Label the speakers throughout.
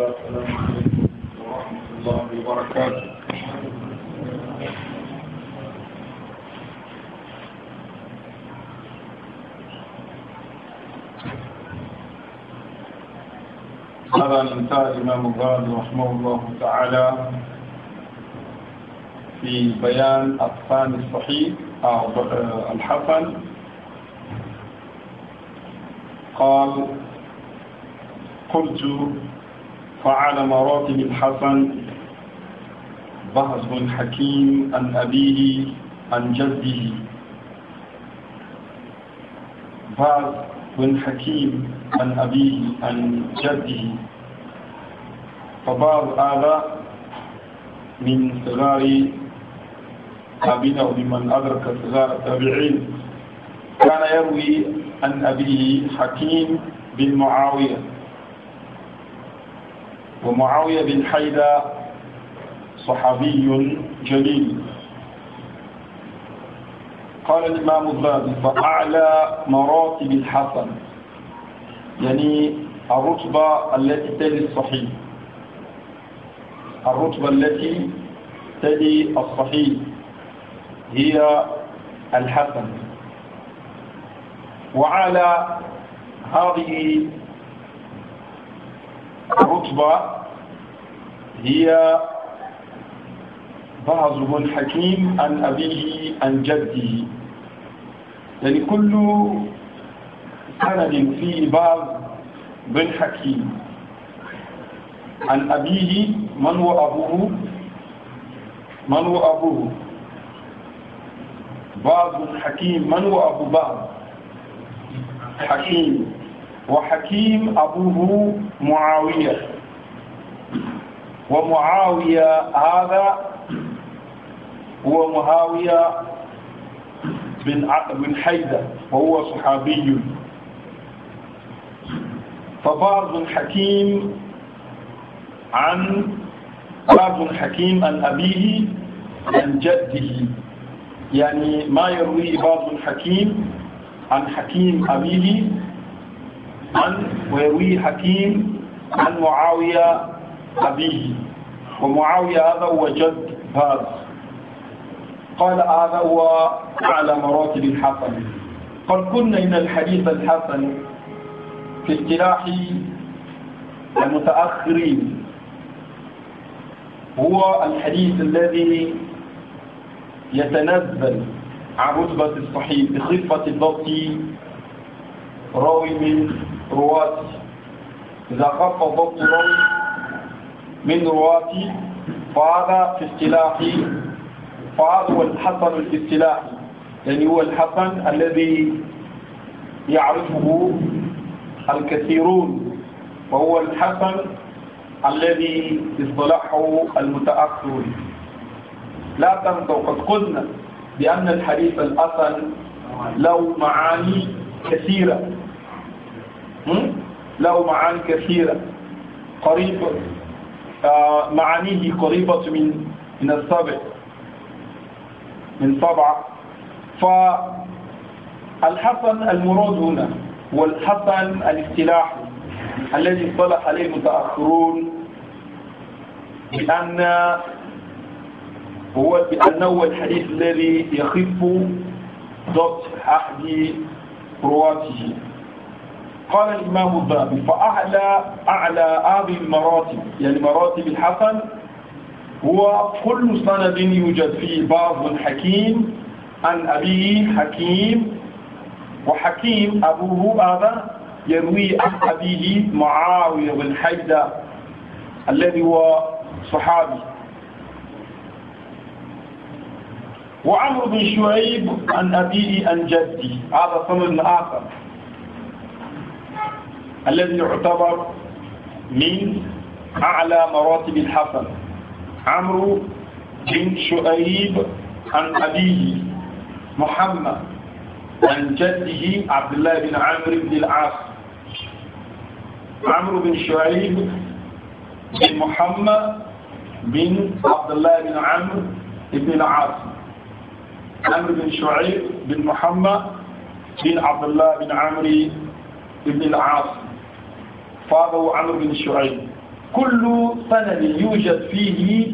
Speaker 1: السلام عليكم ورحمة الله وبركاته هذا الانتهى الإمام الغاز رحمه الله تعالى في بيان أقسام الصحيح الحفل آه، الحسن قال قلت فعلى مراتب الحسن بن حكيم عن أبيه عن جده بعض بن حكيم عن أبيه عن جده فبعض هذا من صغار أبينا ومن أدرك صغار التابعين كان يروي عن أبيه حكيم بن معاوية ومعاوية بن حيدة صحابي جليل قال الإمام الغازي فأعلى مراتب الحسن يعني الرتبة التي تلي الصحيح الرتبة التي تلي الصحيح هي الحسن وعلى هذه الرتبة هي بعض حكيم عن أبيه عن جده يعني كل سند فيه بعض بن حكيم عن أبيه من هو أبوه من هو أبوه بعض حكيم من هو أبو بعض حكيم وحكيم أبوه معاوية ومعاوية هذا هو معاوية بن بن حيدة وهو صحابي فبار بن حكيم عن بار بن حكيم عن أبيه عن جده يعني ما يروي بار بن حكيم عن حكيم أبيه عن ويروي حكيم عن معاوية أبيه ومعاوية هذا هو جد هذا قال هذا هو أعلى مراتب الحسن قد قلنا إن الحديث الحسن في اصطلاح المتأخرين هو الحديث الذي يتنزل عن رتبة الصحيح بخفة الضبط راوي من رواة إذا خف الضبط راوي من رواة فهذا في اصطلاح فهذا هو الحسن الاصطلاحي يعني هو الحسن الذي يعرفه الكثيرون وهو الحسن الذي اصطلحه المتأخرون لا تنسوا قد قلنا بأن الحديث الأصل له معاني كثيرة له معاني كثيرة قريب آه، معانيه قريبة من من السبع من سبعة فالحسن المراد هنا والحسن الاصطلاحي الذي اصطلح عليه المتأخرون بأن هو بأنه هو الحديث الذي يخف ضبط أحد رواته قال الإمام الضابي فأعلى أعلى هذه المراتب يعني مراتب الحسن هو كل سند يوجد فيه بعض حكيم عن أبيه حكيم وحكيم أبوه هذا يروي عن أبيه معاوية بن حيدة الذي هو صحابي وعمر بن شعيب عن أبيه عن جدي هذا سند آخر الذي يعتبر من أعلى مراتب الحسن عمرو بن شؤيب عن أبيه محمد عن جده عبد الله بن عمرو بن العاص عمرو بن شعيب بن محمد بن عبد الله بن عمرو بن العاص عمرو بن شعيب بن محمد بن عبد الله بن عمرو بن العاص فاضوا عمرو بن شعيب كل سند يوجد فيه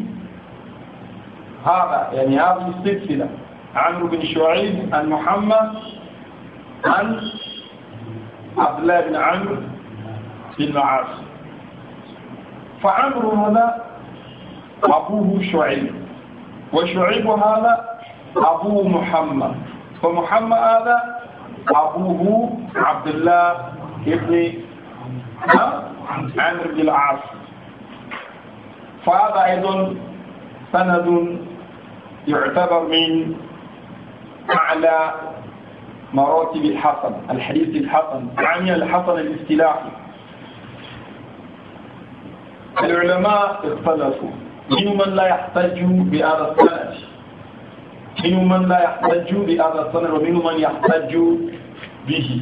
Speaker 1: هذا يعني هذه السلسلة عمرو بن شعيب عن محمد عن عبد الله بن عمرو بن معاص فعمرو هذا أبوه شعيب وشعيب هذا أبوه محمد فمحمد هذا أبوه عبد الله ابن عامر بن العاص فهذا أيضا سند يعتبر من أعلى مراتب الحسن الحديث الحسن يعني الحسن الاصطلاحي العلماء اختلفوا منهم من لا يحتج بهذا السند منهم من لا يحتج بهذا السند ومنهم من يحتج به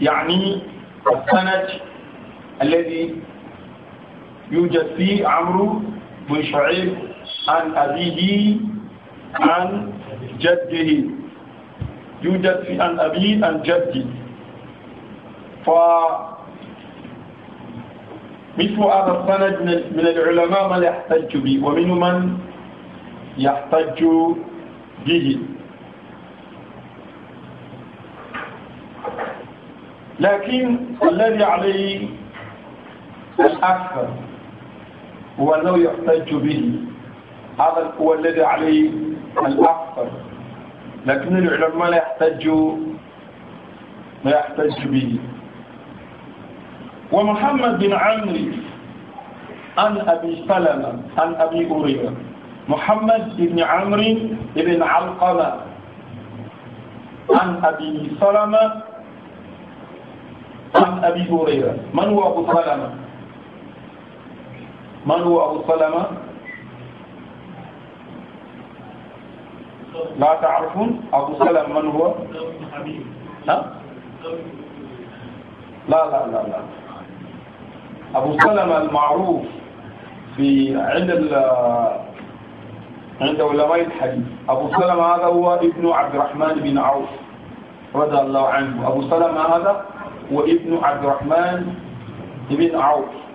Speaker 1: يعني السند الذي يوجد فيه عمرو بن شعيب عن أبيه عن جده يوجد في عن أبيه عن جده ف مثل هذا السند من العلماء من يحتج به ومن من يحتج به لكن الذي عليه الأكثر هو أنه يحتج به هذا هو الذي عليه الأكثر لكن العلماء لا يحتجوا لا يحتج به ومحمد بن عمرو عن أبي سلمة عن أبي هريرة محمد بن عمرو بن علقمة عن أبي سلمة عن أبي هريرة من هو أبو سلمة من هو أبو سلمة لا تعرفون أبو سلمة من هو ها؟ لا لا لا لا أبو سلمة المعروف في عند عند علماء الحديث أبو سلمة هذا هو ابن عبد الرحمن بن عوف رضي الله عنه أبو سلمة هذا هو ابن عبد الرحمن بن عوف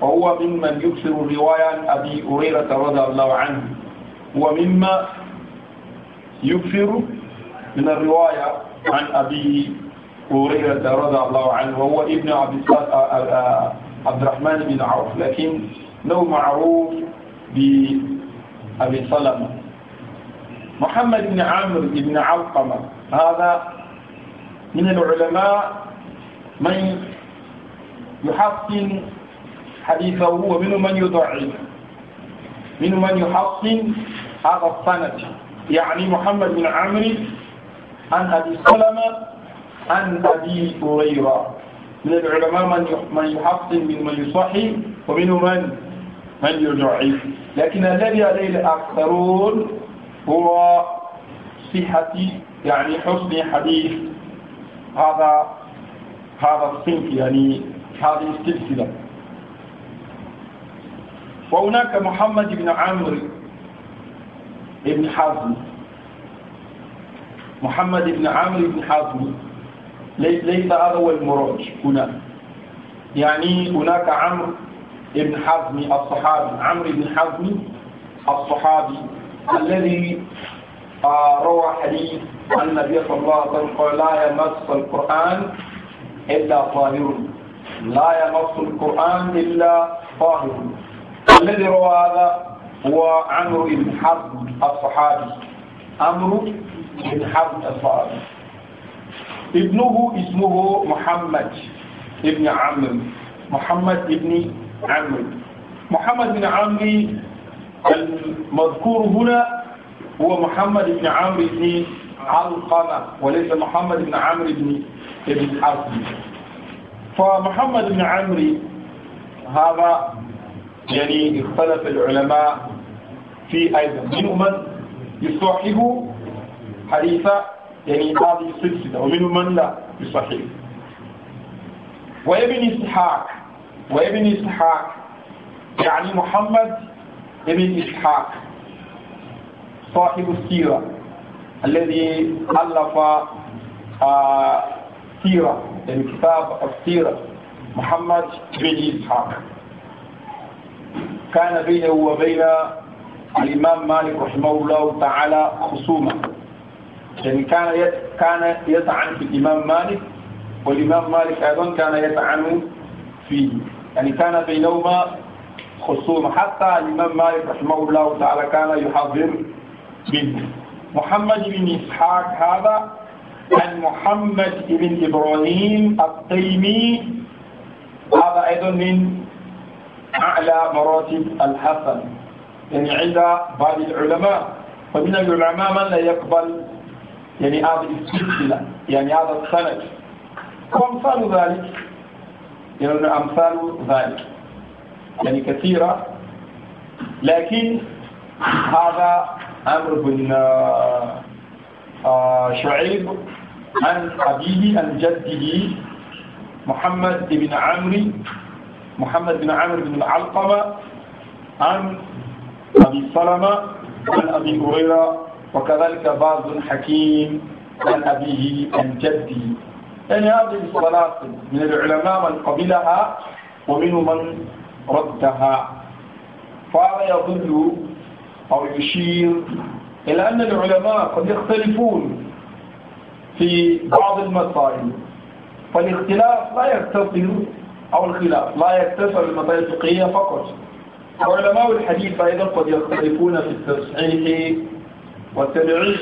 Speaker 1: وهو ممن يكثر الرواية عن أبي هريرة رضي الله عنه هو مما يكثر من الرواية عن أبي هريرة رضي الله عنه وهو ابن عبد آه، آه، آه، الرحمن بن عوف لكن له معروف بأبي سلمة محمد بن عامر بن علقمة هذا من العلماء من يحسن حديثه ومنهم من يضعف منهم من يحصن هذا السند يعني محمد بن عمرو عن أبي سلمة عن أبي هريرة من العلماء من يحصن من من يصحي ومنهم من من يضعف لكن الذي عليه الأكثرون هو صحة يعني حسن حديث هذا هذا الصنف يعني هذه السلسلة وهناك محمد بن عمرو بن حزم محمد بن عمرو بن حزم ليس هذا هو المراد هنا يعني هناك عمرو بن حزم الصحابي عمرو بن حزم الصحابي الذي آه، روى حديث عن النبي صلى الله عليه وسلم قال لا يمس القرآن إلا طاهر لا يمس القرآن إلا طاهر الذي روى هذا هو عمرو بن حرب الصحابي عمرو بن حرب الصحابي ابنه اسمه محمد ابن عمرو محمد ابن عمرو محمد بن عمرو المذكور هنا هو محمد بن عمرو بن علقمة وليس محمد بن عمرو بن ابن حرب فمحمد بن عمرو هذا يعني اختلف العلماء في أيضا منهم من يصحح حديث يعني هذه السلسلة ومنهم من لا يصحح وابن إسحاق وابن إسحاق يعني محمد ابن إسحاق صاحب السيرة الذي ألف آه، سيرة يعني كتاب السيرة محمد بن إسحاق كان بينه وبين الإمام مالك رحمه الله تعالى خصومة يعني كان كان يطعن في الإمام مالك والإمام مالك أيضا كان يطعن فيه يعني كان بينهما خصومة حتى الإمام مالك رحمه الله تعالى كان يحضر منه محمد بن إسحاق هذا عن محمد بن إبراهيم الطيمي هذا أيضا من أعلى مراتب الحسن يعني عند بعض العلماء فمن العلماء من لا يقبل يعني هذه السلسلة يعني هذا السند وأمثال ذلك يعني أمثال ذلك يعني كثيرة لكن هذا أمر بن آه، شعيب عن أبيه عن جده محمد بن عمرو محمد بن عامر بن العلقمة عن أبي سلمة عن أبي هريرة وكذلك بعض الحكيم عن أبيه عن جده يعني هذه الصلاة من العلماء من قبلها ومن من ردها فهذا يظل أو يشير إلى أن العلماء قد يختلفون في بعض المسائل فالاختلاف لا يقتصر أو الخلاف لا يكتفى بالمسائل الفقهية فقط وعلماء الحديث أيضا قد يختلفون في التصحيح والتبعيث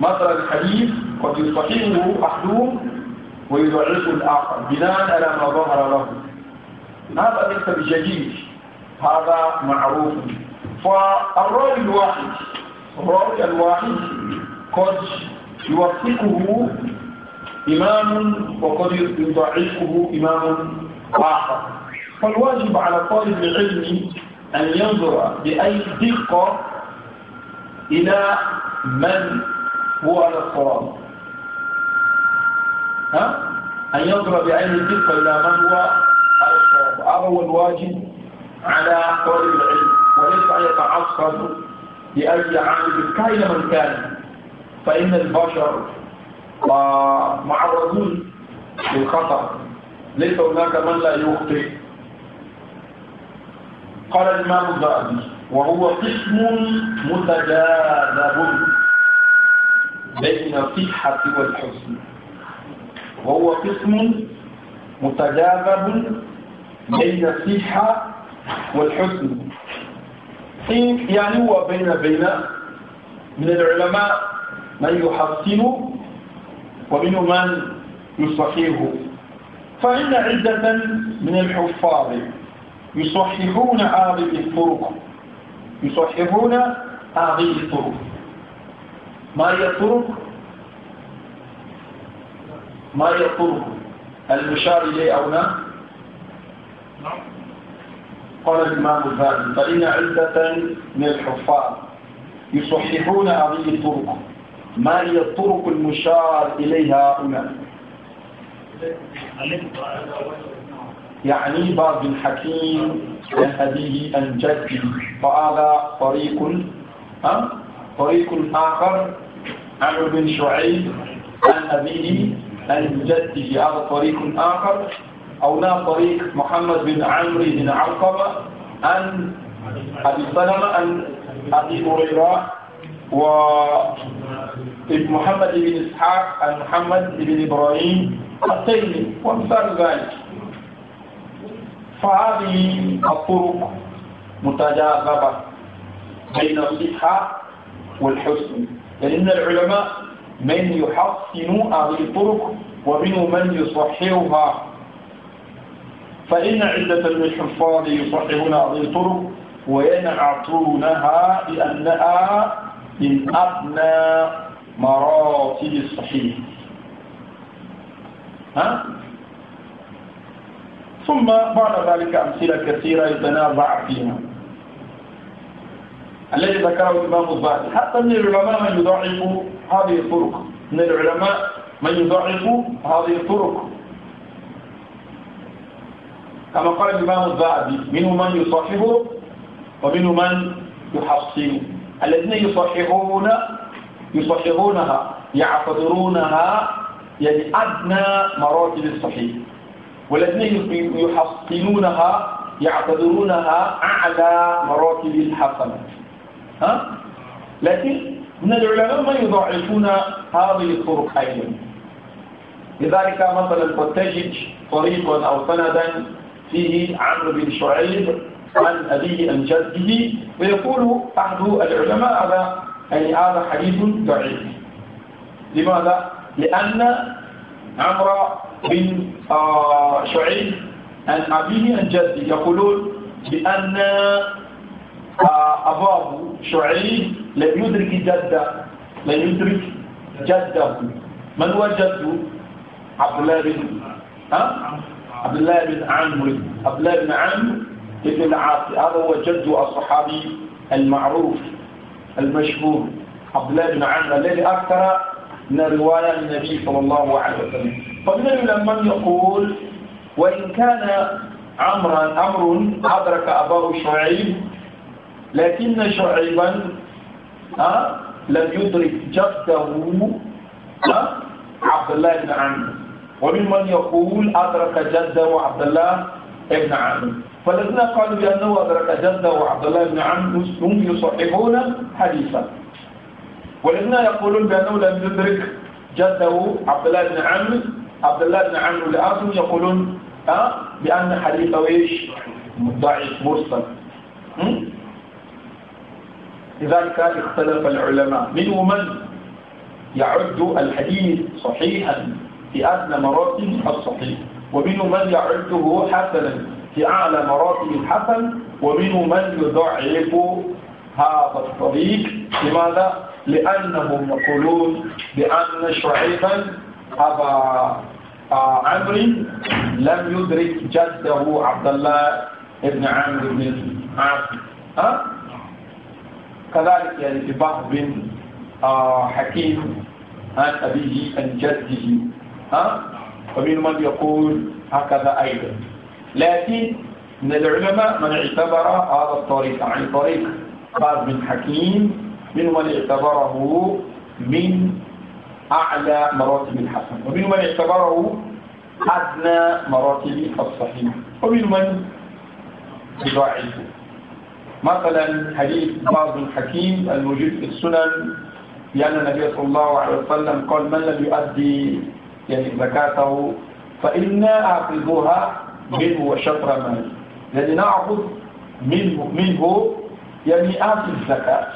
Speaker 1: مصدر الحديث قد يصححه أحدهم ويضعفه الآخر بناء على ما ظهر له هذا ليس بجديد هذا معروف فالراوي الواحد الراوي الواحد قد يوثقه إمام وقد يضعفه إمام آخر فالواجب على طالب العلم أن ينظر بأي دقة إلى من هو على الصواب ها؟ أن ينظر بأي دقة إلى من هو على الصواب هذا هو الواجب على طالب العلم وليس أن يتعصب لأي عامل كائن من كان فإن البشر ومعرضون للخطر ليس هناك من لا يخطئ قال الإمام الذهبي وهو قسم متجاذب بين الصحة والحسن وهو قسم متجاذب بين الصحة والحسن يعني هو بين بين من العلماء من يحسن ومنهم من يصححه فإن عدة من الحفاظ يصححون هذه الطرق يصححون هذه الطرق ما هي الطرق؟ ما هي الطرق المشار إليه أو لا؟ قال الإمام الفاضل فإن عدة من الحفاظ يصححون هذه الطرق ما هي الطرق المشار إليها هنا يعني باب الحكيم أبيه عن جده فهذا طريق ها طريق آخر عمرو بن شعيب عن أبيه عن جده هذا طريق آخر أو لا طريق محمد بن عمرو بن علقمة عن أبي سلمة عن أبي هريرة و محمد بن إسحاق عن محمد بن إبراهيم التيمي وأمثال ذلك فهذه الطرق متجاذبة بين الصحة والحسن لأن العلماء من يحسن هذه الطرق ومنه من يصححها فإن عدة من الحفاظ يصححون هذه الطرق وينعطونها لأنها من أدنى مراتب الصحيح ها؟ ثم بعد ذلك أمثلة كثيرة يتنازع فيها الذي ذكره الإمام الظاهري حتى من العلماء من يضعف هذه الطرق من العلماء من يضعف هذه الطرق كما قال الإمام الذهبي منه من يصححه ومنه من يحصنه الذين يصححون يصححونها يعتبرونها يعني أدنى مراتب الصحيح والذين يحصنونها يعتبرونها أعلى مراتب الحسنة ها؟ لكن من العلماء ما يضعفون هذه الطرق أيضا لذلك مثلا قد تجد طريقا أو سندا فيه عمرو بن شعيب عن أبيه عن جده ويقول أحد العلماء هذا أي هذا حديث ضعيف لماذا؟ لأن عمرو بن آه، شعيب عن أبيه عن جده يقولون بأن آه، أباه شعيب لم يدرك جده لم يدرك جده من هو جده؟ عبد الله بن ها؟ عبد الله بن عمرو عبد الله بن عمرو بن العاص هذا هو جد الصحابي المعروف المشهور عبد الله بن عمرو الذي أكثر من رواية النبي صلى الله عليه وسلم فمن من يقول وإن كان عمرا أمر أدرك أباه شعيب لكن شعيبا أه لم يدرك جده أه عبد الله بن عمرو وممن يقول أدرك جده عبد الله بن عمرو فالذين قالوا بأنه أدرك جدة وعبد الله بن عم هم يصححون حديثا والذين يقولون بأنه لم يدرك جده عبد الله بن عم عبد الله بن عم الآثم يقولون أه بأن حديثه إيش ضعيف مرسل لذلك اختلف العلماء منهم من يعد الحديث صحيحا في أدنى مراتب الصحيح ومنهم من يعده حسنا في أعلى مراتب الحسن ومنه من يضعف هذا الطريق لماذا؟ لأنهم يقولون بأن شعيبا أبا آه، عمرو لم يدرك جده عبد الله بن عمرو بن عاص ها؟ كذلك يعني في بعض بن آه، حكيم عن أبيه عن جده ها؟ ومن من يقول هكذا أيضا لكن من العلماء من اعتبر هذا الطريق عن يعني طريق قاد بن حكيم من من اعتبره من أعلى مراتب الحسن ومن من اعتبره أدنى مراتب الصحيح ومن من يضاعفه مثلا حديث بعض الحكيم الموجود في السنن لأن النبي صلى الله عليه وسلم قال من لم يؤدي يعني زكاته فإنا أخذوها منه وشطر ماله يعني نأخذ منه, منه يعني آتي الزكاة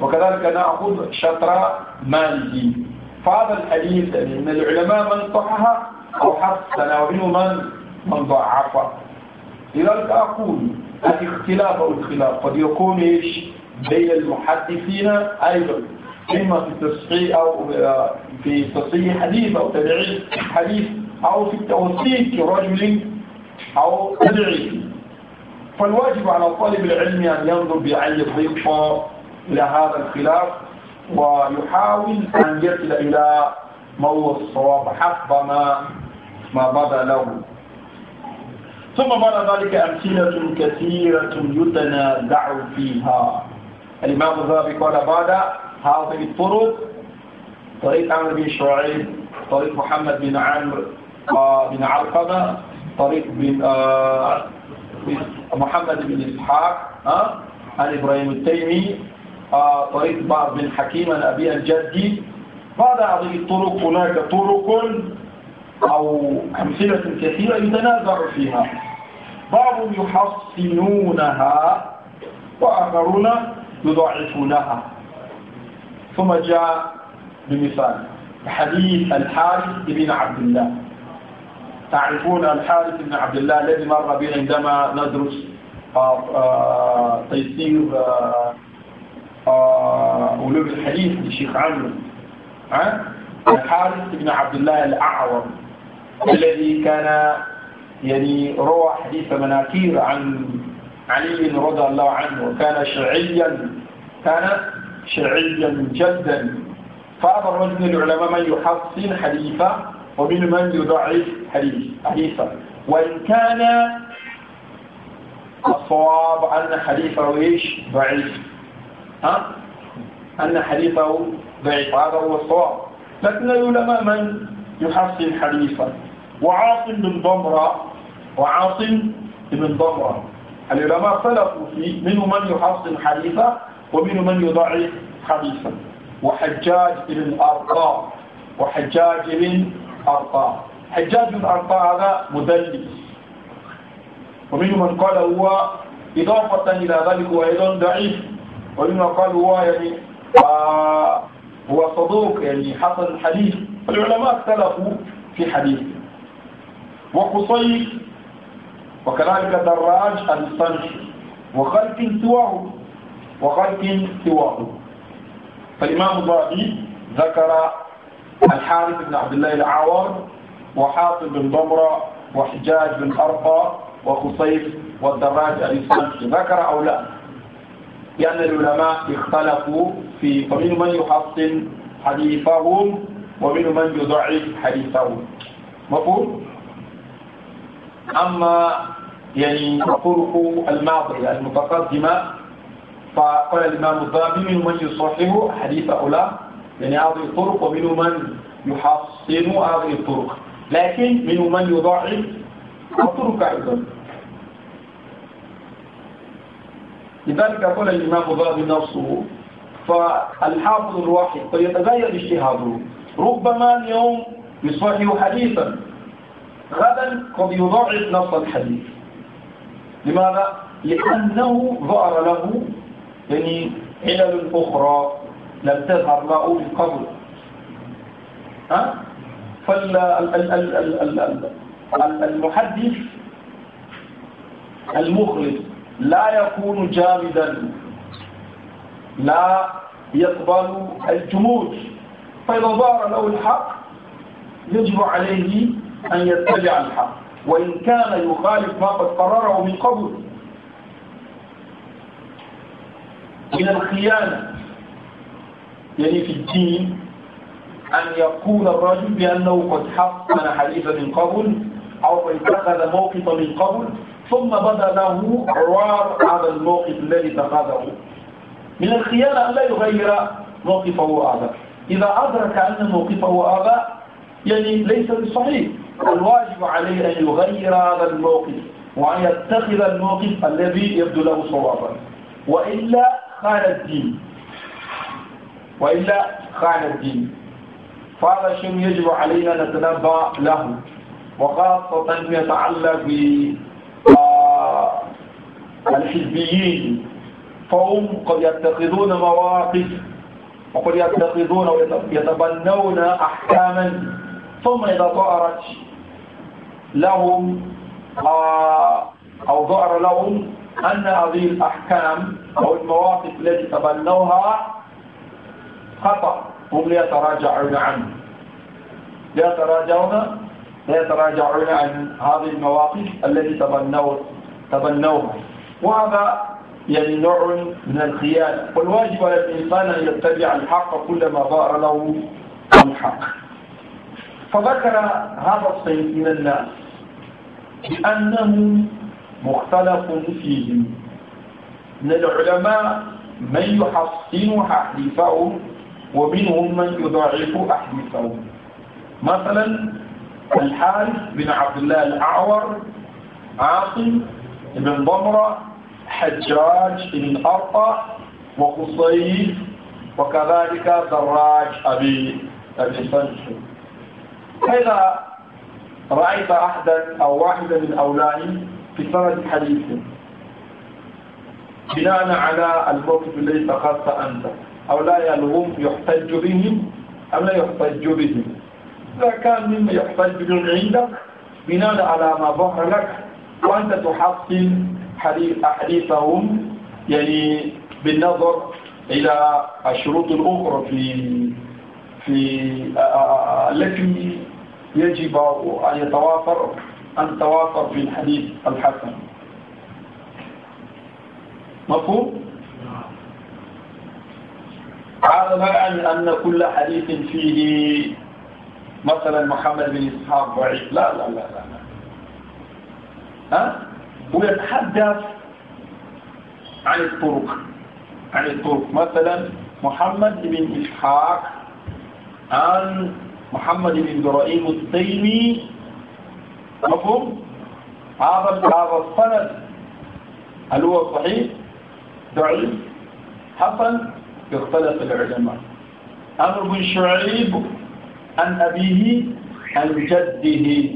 Speaker 1: وكذلك نأخذ شطر ماله فهذا الحديث يعني من العلماء من صحها أو حسن ومنه من من ضعفه لذلك أقول الاختلاف أو الخلاف قد يكون إيش بين المحدثين أيضا إما في تصحيح أو في تصحيح حديث أو تبعيد حديث أو في التوثيق رجل أو أدعي فالواجب على طالب العلم أن ينظر بعين الضيقة إلى هذا الخلاف ويحاول أن يصل إلى موضوع الصواب حسب ما ما بدا له ثم بعد ذلك أمثلة كثيرة يتنازع فيها الإمام الذهبي قال بعد هذه الطرق طريق عمرو بن شعيب طريق محمد بن عمرو آه، بن علقمة طريق آه، بن محمد بن إسحاق آه، عن إبراهيم التيمي آه، طريق بعض بن حكيم عن أبي الجدي بعد هذه الطرق هناك طرق أو أمثلة كثيرة يتناظر فيها بعض يحصنونها وآخرون يضعفونها ثم جاء بمثال حديث الحارث بن عبد الله تعرفون الحارث بن عبد الله الذي مر بنا عندما ندرس آه، آه، تيسير آه، علوم الحديث للشيخ عمرو الحارث بن عبد الله الأعور الذي كان يعني روى حديث مناكير عن علي رضي الله عنه وكان شيعيا كان شيعيا جدا فأمر من العلماء من يحصن حديثه ومن من يضعف حديثا وإن كان الصواب أن حديثه إيش ضعيف ها أن حديثه ضعيف هذا هو الصواب لكن العلماء من يحسن حديثا وعاصم بن ضمرة وعاصم بن ضمرة العلماء اختلفوا في منهم من يحسن حديثا ومنهم من يضعف حديثا وحجاج بن الأرقام وحجاج بن أرطاع حجاج بن أرطاع هذا مدلس ومنهم من قال هو إضافة إلى ذلك هو أيضا ضعيف ومنهم قال هو يعني آه هو صدوق يعني حسن الحديث العلماء اختلفوا في حديثه وقصي وكذلك دراج الصنش وخلق سواه وخلق سواه فالإمام الضعيف ذكر الحارث بن عبد الله العوار وحاطب بن ضمرة وحجاج بن أرقى وخصيف والدراج الإسلامي ذكر أو لا لأن العلماء اختلفوا في فمن من يحصن حديثهم ومن من يضعف حديثهم مفهوم؟ أما يعني طرق الماضي المتقدمة فقال الإمام الذهبي من من يصحح حديث هؤلاء يعني هذه الطرق ومنه من يحصن هذه الطرق لكن منه من يضعف الطرق أيضا لذلك قال الإمام الذهبي نفسه فالحافظ الواحد فيتغير اجتهاده ربما اليوم يصحح حديثا غدا قد يضعف نص الحديث لماذا؟ لأنه ظهر له يعني علل أخرى لم تظهر ما من قبل ها فالمحدث المخلص لا يكون جامدا لا يقبل الجمود فإذا ظهر له الحق يجب عليه أن يتبع الحق وإن كان يخالف ما قد قرره من قبل من الخيانة يعني في الدين أن يقول الرجل بأنه قد حقن حديثا من قبل أو اتخذ موقفا من قبل ثم بدا له عوار هذا الموقف الذي اتخذه من الخيانة أن لا يغير موقفه هذا إذا أدرك أن موقفه هذا يعني ليس بالصحيح الواجب عليه أن يغير هذا الموقف وأن يتخذ الموقف الذي يبدو له صوابا وإلا خان الدين وإلا خان الدين فهذا الشيء يجب علينا نتنبأ له وخاصة ما يتعلق بالحزبيين آه، فهم قد يتخذون مواقف وقد يتخذون ويتبنون أحكاما ثم إذا ظهرت لهم آه، أو ظهر لهم أن هذه الأحكام أو المواقف التي تبنوها خطأ هم ليتراجعون عنه ليتراجعون ليتراجعون عن هذه المواقف التي تبنوه تبنوها وهذا يعني نوع من الخيانة والواجب على الإنسان أن يتبع الحق كلما ظهر له الحق فذكر هذا الصنف من الناس بأنه مختلف فيهم من العلماء من يحصن حديثه ومنهم من يضاعف أحدثه مثلا الحارث بن عبد الله الأعور عاصم بن ضمرة حجاج بن أرطى وقصيف وكذلك دراج أبي أبي سلح فإذا رأيت أحدا أو واحدا من أولئك في سند حديث بناء على الموقف الذي اتخذت أنت أو لا يلغم يحتج بهم أم لا يحتج بهم إذا كان مما يحتج بهم عندك بناء على ما ظهر لك وأنت تحصن أحاديثهم يعني بالنظر إلى الشروط الأخرى في في التي يجب أن يتوافر أن توافر في الحديث الحسن مفهوم؟ عالما أن كل حديث فيه مثلا محمد بن إسحاق ضعيف لا لا لا لا ها ويتحدث عن الطرق عن الطرق مثلا محمد بن إسحاق عن محمد بن إبراهيم التيمي مفهوم هذا هذا السند هل هو صحيح ضعيف حسن يختلف العلماء أمر بن شعيب عن أبيه عن جده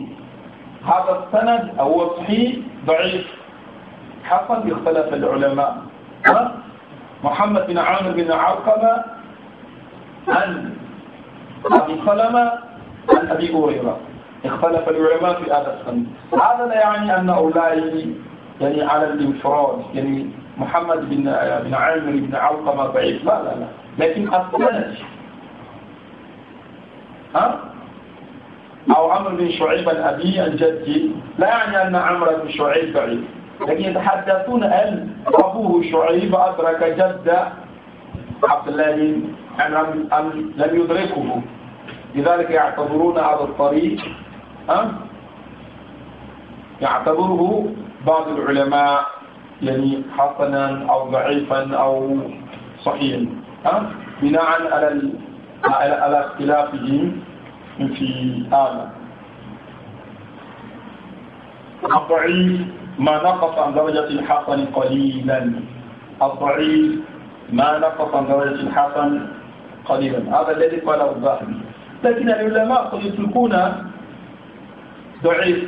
Speaker 1: هذا السند أو صحيح ضعيف حصل اختلف العلماء محمد بن عامر بن عقبة عن أبي سلمة عن أبي هريرة اختلف العلماء في هذا السند هذا لا يعني أن أولئك يعني, يعني على الانفراد يعني محمد بن بن عامر بن علقمة ضعيف لا لا لا لكن السند ها أو عمرو بن شعيب الابي الجدي لا يعني أن عمرو بن شعيب ضعيف لكن يتحدثون أن أبوه شعيب أدرك جد عبد الله أن لم يدركه لذلك يعتبرون هذا الطريق ها يعتبره بعض العلماء يعني حسنا أو ضعيفا أو صحيحا ها بناء على على اختلافهم في هذا الضعيف ما نقص عن درجة الحسن قليلا الضعيف ما نقص عن درجة الحسن قليلا هذا الذي قاله الظاهر لكن العلماء قد يتركون ضعيف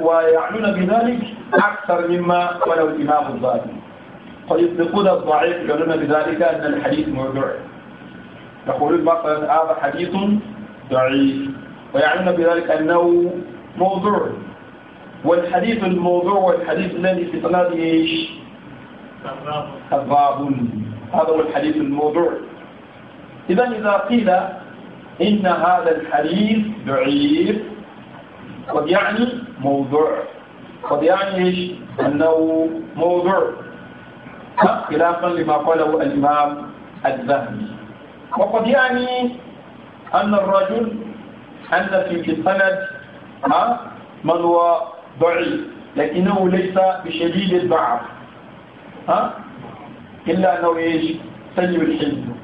Speaker 1: ويعنون بذلك أكثر مما ولو الإمام الظاهري فيطلقون الضعيف يقولون بذلك أن الحديث موضوع يقولون مثلا هذا حديث ضعيف ويعلمون بذلك أنه موضوع والحديث الموضوع والحديث الذي في طلابه ايش؟ كذاب هذا هو الحديث الموضوع إذا إذا قيل إن هذا الحديث ضعيف قد يعني موضوع قد ايش؟ أنه موضوع خلافا لما قاله الإمام الذهبي وقد يعني أن الرجل أن في السند من هو ضعيف لكنه ليس بشديد الضعف ها إلا أنه إيش سلم الحلم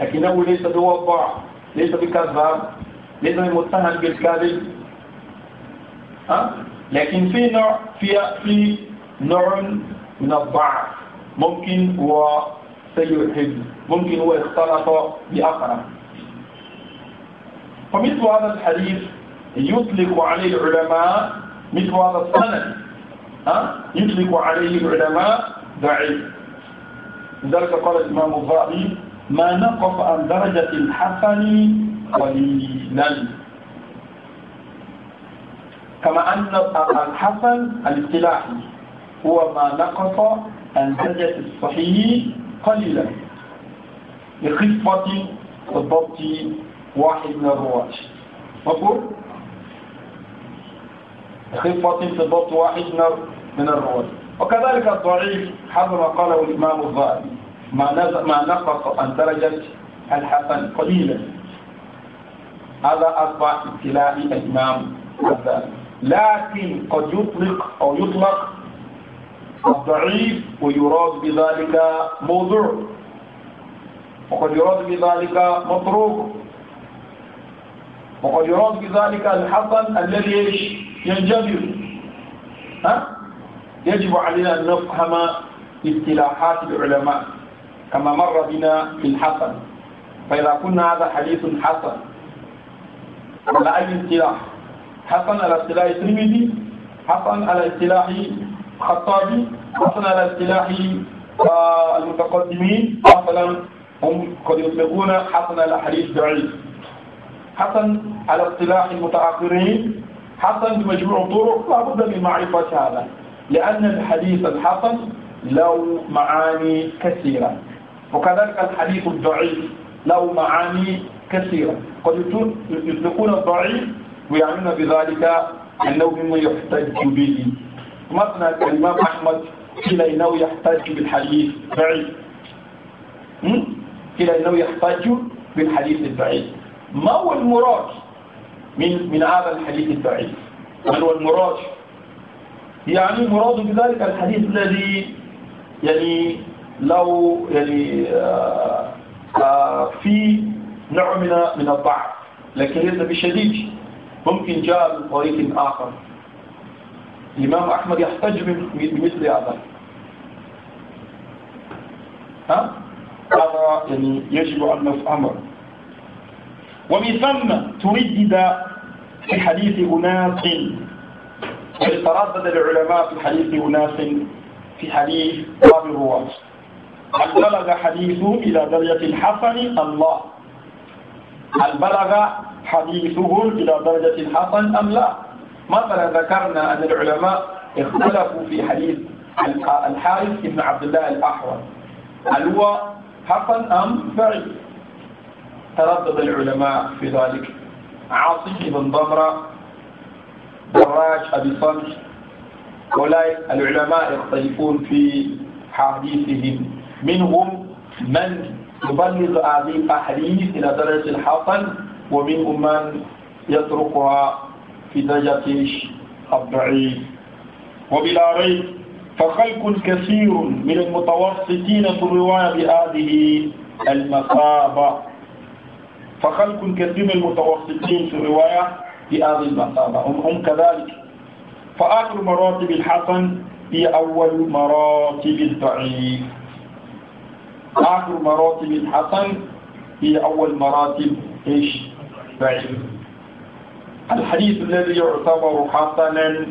Speaker 1: لكنه ليس الضعف ليس بكذاب ليس بمتهم بالكذب ها لكن في نوع في في نوع من الضعف ممكن هو سيء ممكن هو اختلط بآخر فمثل هذا الحديث يطلق عليه العلماء مثل هذا السند ها يطلق عليه العلماء ضعيف لذلك قال الإمام الضعيف ما نقف عن درجة الحسن قليلا كما أن الحسن الاصطلاحي هو ما نقص الدرجة الصحيح قليلا لخفة الضبط واحد من الرواة مفهوم؟ لخفة في الضبط واحد من الرواة وكذلك الضعيف حسب ما قاله الإمام الظاهري ما نقص عن درجة الحسن قليلا هذا أصبح ابتلاء الإمام الظاهري لكن قد يطلق أو يطلق الضعيف ويراد بذلك موضوع وقد يراد بذلك مطروق وقد يراد بذلك الحسن الذي ينجبر ها؟ يجب علينا أن نفهم اصطلاحات العلماء كما مر بنا في الحسن فإذا كنا هذا حديث حسن على أي اصطلاح حسن على اصطلاح الترمذي حسن على اصطلاح الخطابي حسن على اصطلاح آه، المتقدمين مثلا هم قد يطلقون حسن على حديث ضعيف حسن على اصطلاح المتأخرين حسن بمجموع الطرق لا بد من معرفة هذا لأن الحديث الحسن له معاني كثيرة وكذلك الحديث الضعيف له معاني كثيرة قد يطلقون الضعيف ويعنون بذلك أنه مما يحتج به مثلا الإمام أحمد قيل إنه يحتج بالحديث بعيد قيل إنه يحتج بالحديث البعيد ما هو المراد من من هذا الحديث البعيد؟ ما هو المراد؟ يعني المراد بذلك الحديث الذي يعني لو يعني آه آه في نوع من من الضعف لكن ليس بشديد ممكن جاء من طريق آخر الإمام أحمد يحتج بمثل هذا ها؟ هذا يعني يجب أن نفهمه ومن ثم تردد في حديث أناس تردد العلماء في حديث أناس في حديث باب الرواة هل بلغ حديثه إلى درجة الحسن الله هل بلغ حديثهم إلى درجة حسن أم لا مثلا ذكرنا أن العلماء اختلفوا في حديث الحارث بن عبد الله الأحول هل هو حسن أم فعل تردد العلماء في ذلك عاصم بن ضمرة دراج أبي صمت أولئك العلماء يختلفون في حديثهم منهم من يبلغ هذه الأحاديث إلى درجة الحسن ومنهم من يتركها في درجة الضعيف وبلا ريب فخلق كثير من المتوسطين في الرواية بهذه المثابة فخلق كثير من المتوسطين في الرواية بهذه المثابة هم, هم كذلك فآخر مراتب الحسن هي أول مراتب الضعيف آخر مراتب الحسن هي أول مراتب إيش بعيد الحديث الذي يعتبر حسنا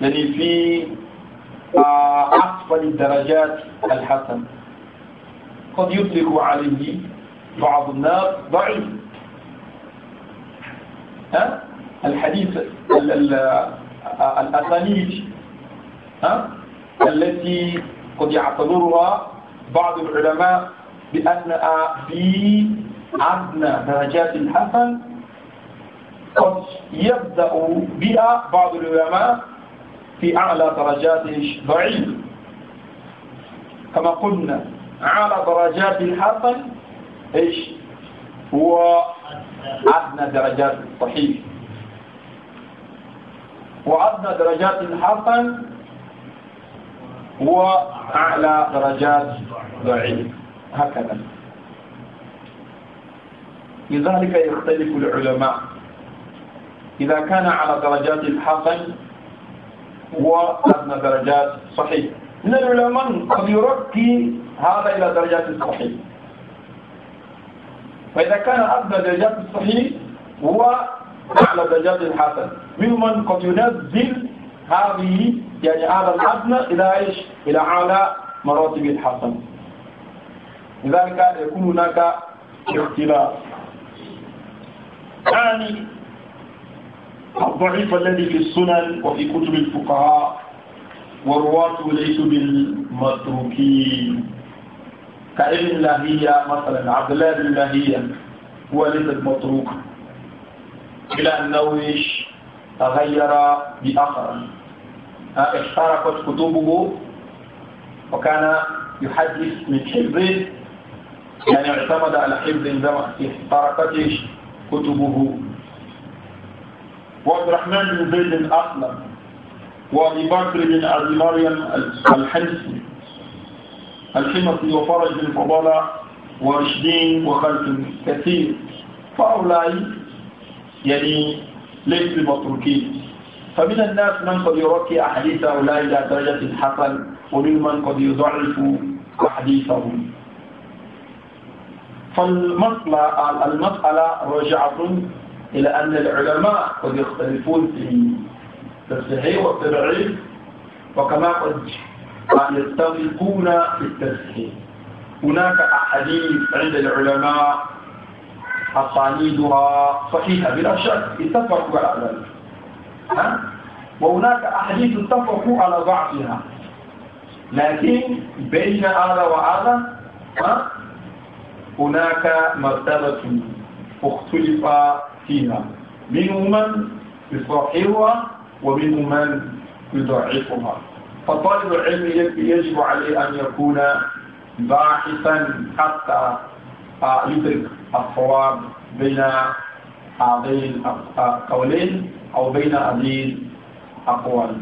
Speaker 1: يعني في آه، أسفل الدرجات الحسن قد يطلق عليه بعض الناس ضعيف ها الحديث آه، الأسانيد ها التي قد يعتبرها بعض العلماء بأنها في عدنا درجات الحسن قد يبدأ بها بعض العلماء في أعلى درجات ضعيف كما قلنا أعلى درجات الحسن إيش هو أدنى درجات الصحيح وأدنى درجات الحسن هو أعلى درجات ضعيف هكذا لذلك يختلف العلماء إذا كان على درجات الحسن وأدنى درجات صحيح من العلماء قد يرقي هذا إلى درجات الصحيح فإذا كان أدنى درجات الصحيح هو أعلى درجات الحسن ممن قد ينزل هذه يعني هذا الأدنى إلى إيش؟ إلى أعلى مراتب الحسن لذلك يكون هناك اختلاف الثاني الضعيف الذي في السنن وفي كتب الفقهاء ورواته ليس بالمتروكين كابن لاهية مثلا عبد الله بن لاهية هو ليس متروكا إلى أنه تغير بآخر اخترقت كتبه وكان يحدث من حفظه يعني اعتمد على حفظ عندما اخترقت كتبه وعبد الرحمن بن زيد الأخلق وأبي بكر بن أبي مريم الحمصي الحمصي وفرج بن فضلة ورشدين وخلف كثير فهؤلاء يعني ليسوا متروكين فمن الناس من قد يرقي أحاديث هؤلاء إلى درجة الحسن ومن من قد يضعف أحاديثهم فالمسألة راجعة إلى أن العلماء قد يختلفون في التفسير والتبعيد وكما قد يتفقون في التفسير هناك أحاديث عند العلماء أسانيدها صحيحة بلا شك اتفقوا على ذلك ها؟ وهناك أحاديث اتفقوا على ضعفها لكن بين هذا وهذا ها؟ هناك مرتبة اختلف فيها منهم من يصححها ومنهم من يضعفها فطالب العلم يجب عليه أن يكون باحثا حتى يدرك الصواب بين هذين القولين أو بين هذين الأقوال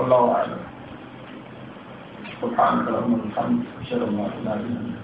Speaker 1: الله أعلم سبحانك اللهم وبحمدك أشهد أن لا إله إلا أنت